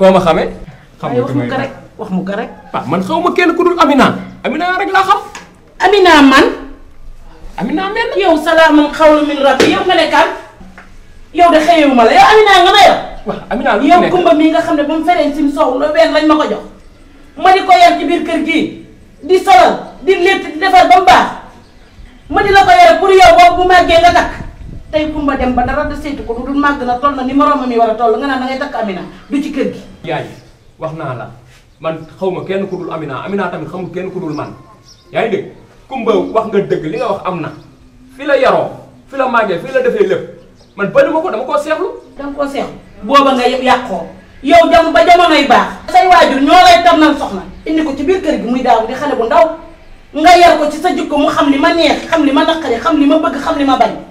koo ma xamee. xam nga wax ko wax mu ko rek. waaw man ma kenn ku dul Amina Amina rek laa xam. Amina man. Amina mel yow salaamun xawlan min rabbi yow nga ne kan ma la yow Amina nga ma yor. waaw Amina lu yow kumba mi nga xam ne ba mu feree si soow lu weer lañ ma ko jox. ma di ko yar ci biir kër gii di solal di létt di defar ba mu baax ma di la ko yar pour yow bu màggee nga takk. tay Kumba dem ba dara da saytu ko dudul mag na tol na ni mi wara tol nga na ngay Amina du ci kër gi. yaay iya. wax na la man xawma kenn ku dul Amina Amina tamit xam kenn ku dul man yaay ngi Kumba wax nga deug li nga wax amna fi la yaro fi la magge fi la defee lepp man ba dama ko dama ko xeexlu dama ko xeex boba nga yakko yow ya, dem ba ya, jamonoy baax. say wajur ño lay tànnal soxna indi ko ci bir keur gi muy daaw di xale bu ndaw nga yar ko ci sa jikko mu xam li ma neex xam li ma nakari xam ya, li ma bëgg xam li ma bañ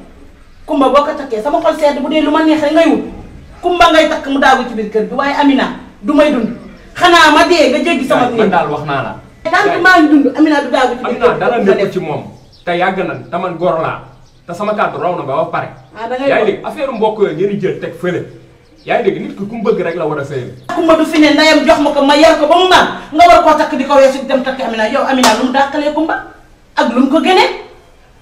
kumba boo ko takkee sama xol sedd budé lu ma neex ngay wut kumba ngay tak mu daagu ci bir kër bi waye Amina du may dund xana ma dé ga jéggi sama. man dal wax na la. tant maa ngi dund Amina du daagu ci bir kër amina dara nekk ci mom te yag na ta man gor la ta sama kaddu raw na ba ba paré yaay dig affaire mbokk yo ngeen di jël teg fële. yaa ngi nit ki ku mu bëgg rek la wara a sëyal. kumba du fini ne jox mako ma yar ko ba mu ma nga war ko tak di ko dem tak Amina yow Amina lu mu dakalé kumba ak lu mu ko gëné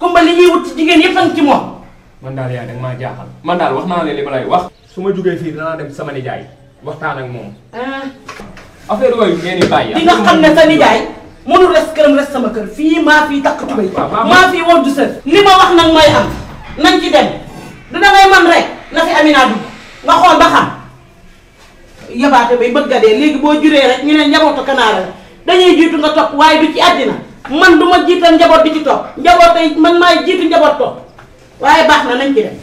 kumba li ñi wut ci yépp yëpp ci mom man dal ya dag ma jaxal man dal wax na leen li ma wax suma jugge fi dana dem sama nijaay waxtan ak ah affaire way ngeen di bàyyi di nga xamne sa nijaay munu res keureum res sama kër fii maa fii takk tubéy ma fi won du seuf ni ma wax nak may am nañ ci dem du da ngay man rek na fi Amina du nga xol ba xam yabaate bay bëgg a dee bo boo rek ñu ne njabootu kanara dañuy jitu nga tok waaye du ci adina man duma jitan jiital di ci topp tay man may jitu njaboot tok waaye baax na nañ ci dem.